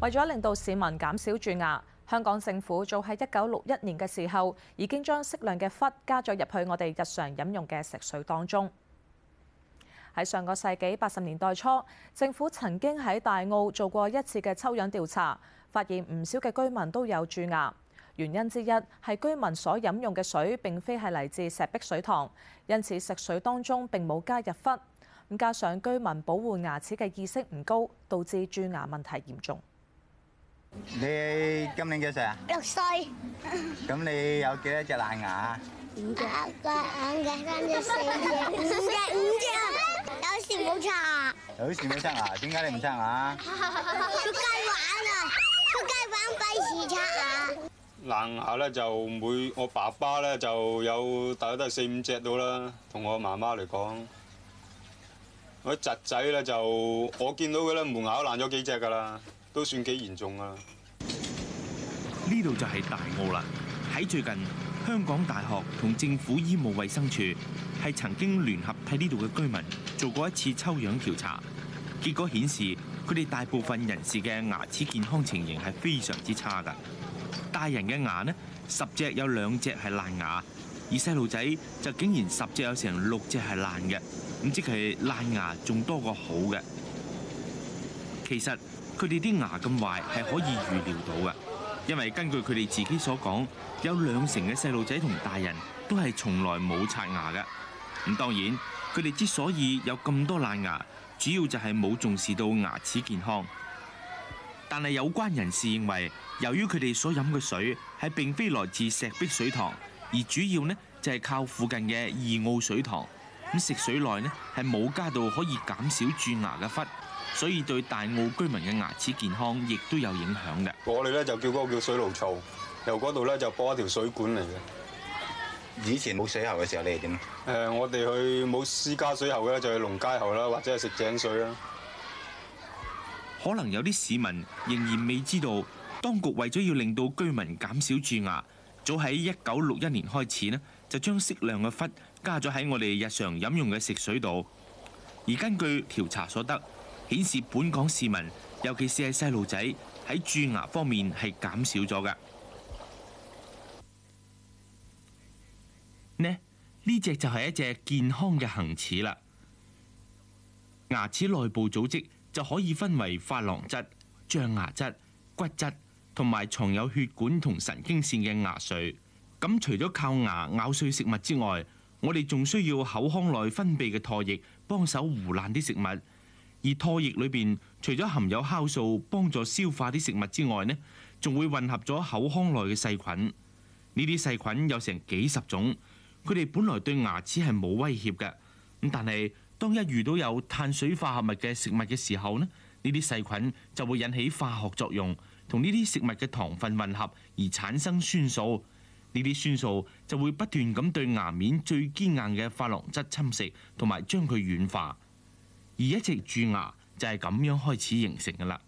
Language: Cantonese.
為咗令到市民減少蛀牙，香港政府早喺一九六一年嘅時候已經將適量嘅氟加咗入去我哋日常飲用嘅食水當中。喺上個世紀八十年代初，政府曾經喺大澳做過一次嘅抽樣調查，發現唔少嘅居民都有蛀牙。原因之一係居民所飲用嘅水並非係嚟自石壁水塘，因此食水當中並冇加入氟。咁加上居民保護牙齒嘅意識唔高，導致蛀牙問題嚴重。你今年幾歲啊？六歲。咁你有幾多隻爛牙啊？五隻、五隻、三隻、四隻、五隻、五隻。有時冇刷牙。有時冇刷牙啊？點解你唔刷牙啊？出街玩啊！出街玩費事刷牙啊！爛牙咧就每我爸爸咧就有大概都係四五隻到啦。同我媽媽嚟講，我侄仔咧就我見到佢咧門牙都爛咗幾隻噶啦。都算幾嚴重啊！呢度就係大澳啦。喺最近，香港大學同政府醫務衛生處係曾經聯合喺呢度嘅居民做過一次抽樣調查，結果顯示佢哋大部分人士嘅牙齒健康情形係非常之差㗎。大人嘅牙呢，十隻有兩隻係爛牙，而細路仔就竟然十隻有成六隻係爛嘅，咁即係爛牙仲多過好嘅。其實，佢哋啲牙咁壞係可以預料到嘅，因為根據佢哋自己所講，有兩成嘅細路仔同大人都係從來冇刷牙嘅。咁當然，佢哋之所以有咁多爛牙，主要就係冇重視到牙齒健康。但係有關人士認為，由於佢哋所飲嘅水係並非來自石壁水塘，而主要呢就係、是、靠附近嘅二澳水塘。食水內呢係冇加到可以減少蛀牙嘅氟所以對大澳居民嘅牙齒健康亦都有影響嘅。我哋咧就叫個叫水爐槽，由嗰度咧就播一條水管嚟嘅。以前冇水喉嘅時候，你係點？誒，我哋去冇私家水喉嘅咧就去龍街喉啦，或者係食井水啦。可能有啲市民仍然未知道，當局為咗要令到居民減少蛀牙，早喺一九六一年開始呢，就將適量嘅氟，加咗喺我哋日常飲用嘅食水度，而根據調查所得顯示，本港市民尤其是係細路仔喺蛀牙方面係減少咗嘅。呢呢隻就係一隻健康嘅恒齒啦。牙齒內部組織就可以分為珐琅質、象牙質、骨質同埋藏有血管同神經線嘅牙髓。咁除咗靠牙咬，咬碎食物之外，我哋仲需要口腔內分泌嘅唾液幫手糊爛啲食物，而唾液裏邊除咗含有酵素幫助消化啲食物之外，呢仲會混合咗口腔內嘅細菌。呢啲細菌有成幾十種，佢哋本來對牙齒係冇威脅嘅。咁但係當一遇到有碳水化合物嘅食物嘅時候呢，呢啲細菌就會引起化學作用，同呢啲食物嘅糖分混合而產生酸素。呢啲酸素就會不斷咁對牙面最堅硬嘅琺瑯質侵蝕，同埋將佢軟化，而一直蛀牙就係咁樣開始形成㗎喇。